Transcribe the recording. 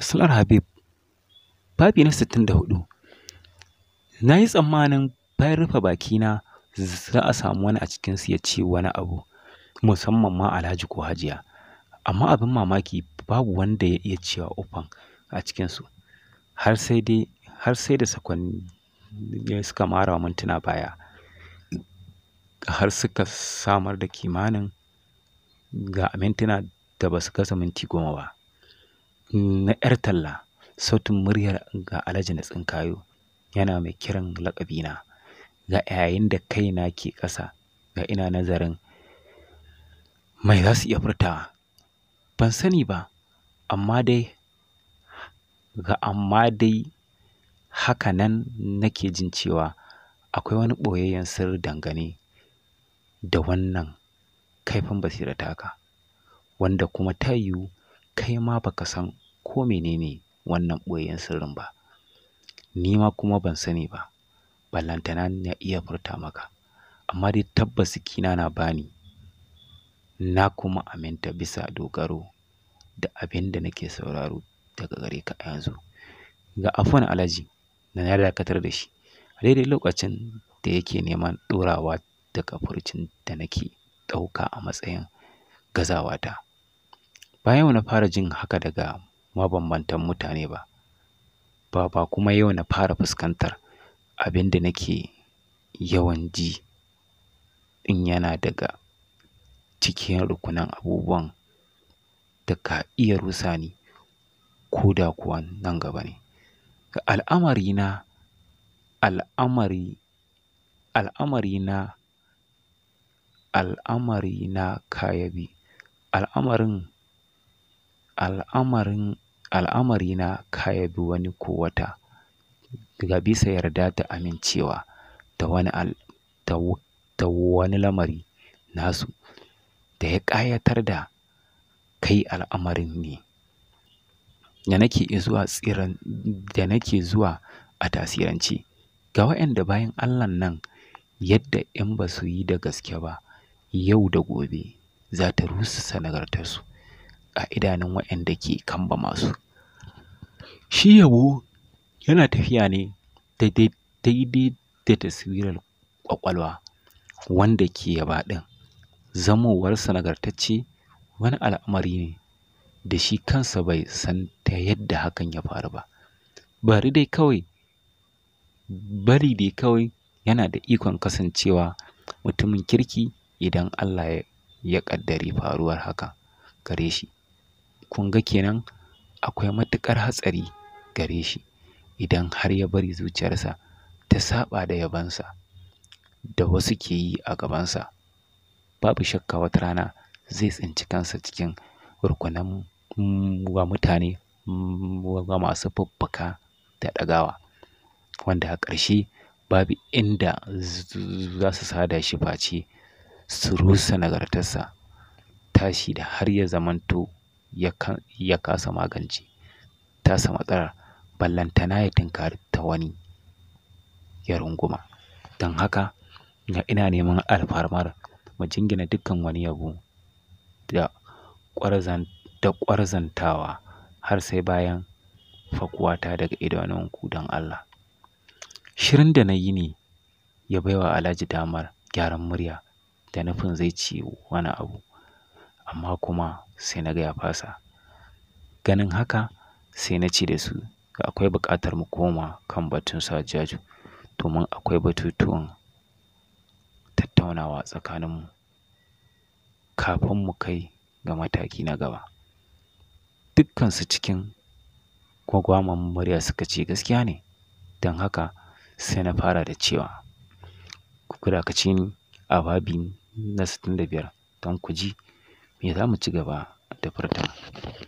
Salar Habib, babi na sittin da hudu. Na yi tsammanin bayan rufe bakina za a samu wani a cikinsu ya ce wani abu, musamman ma Alhaji ko Hajiya. Amma abin mamaki babu wanda ya iya cewa ufan a cikinsu, har sai dai har sai da sakwanni suka mara mintuna baya, har suka samar da kimanin ga mintuna da ba su gaza minti goma ba. na 'yar talla sautin muryar ga Alhaji na tsinkayo yana mai kiran laƙabina ga yayin da kaina ke ƙasa ga ina nazarin mai za su iya furtawa ban sani ba amma dai ga amma dai haka nan nake jin cewa akwai wani ɓoyayyen sirri dangane da wannan kaifin basira taka wanda kuma ta yiwu kai ma baka san ko menene wannan ɓoyayyen sirrin ba ni ma kuma ban sani ba ballantana na iya furta maka amma dai tabbas kina na bani na kuma aminta bisa dogaro da abin da nake sauraro daga gare ka a yanzu ga afwan alhaji na ya dakatar da shi a daidai lokacin da yake neman ɗorawa daga furcin da nake ɗauka a matsayin gazawata bayan wani fara jin haka daga mabambantan mutane ba ba ba kuma yau na fara fuskantar abin da nake yawan ji in yana daga cikin rukunan abubuwan da ka iya rusa ni ko da kuwa nan gaba ne ga al'amari na al'amari al'amari na al'amari na kayabi al'amarin al'amarin al'amarina kaya bi wani ko wata ga bisa yarda da amincewa da wani lamari nasu da ya ƙayatar da kai al'amarin ne da nake zuwa tsiran da nake zuwa a tasirance ga waɗanda bayan Allah nan yadda in ba su yi da gaske ba yau da gobe za ta rusa sanagartarsu a idanun waɗanda ke kamba masu. Shi yabo yana tafiya ne daidai da taswirar ƙwaƙwalwa wanda ke yaba ɗin. Zamowarsa nagartacce wani al'amari ne da shi kansa bai san ta yadda hakan ya faru ba. Bari dai kawai, bari dai kawai yana da ikon kasancewa mutumin kirki idan Allah ya ƙaddari faruwar haka gare shi. Kun ga kenan akwai matuƙar hatsari. gare shi idan har ya bari zuciyarsa ta saba da yabansa da wasu ke yi a gabansa babu shakka wata rana zai tsinci kansa cikin rukunan wa mutane wa masu babbaka da ɗagawa wanda a ƙarshe babu inda za su sada shi face su rusa nagartarsa tashi da har ya zamanto ya kasa magance tasa matsalar ballantana ya tunkari ta wani ya runguma don haka ina neman alfarmar mu jingina dukkan wani yabo da ƙwarzantawa har sai bayan fakuwata daga idanunku don Allah shirin da na yi ne ya baiwa Alhaji damar gyaran murya da nufin zai ci wani abu amma kuma sai na ga ya fasa ganin haka sai na ci da su akwai buƙatar mu koma kan batun jaju domin akwai batutuwan tattaunawa tsakaninmu kafin mu kai ga mataki na gaba. Dukkansu cikin gwagwaman murya suka ce gaskiya ne, don haka sai na fara da cewa ku ka ce ni a babi na sittin da biyar don ku ji me za mu ci gaba da furta?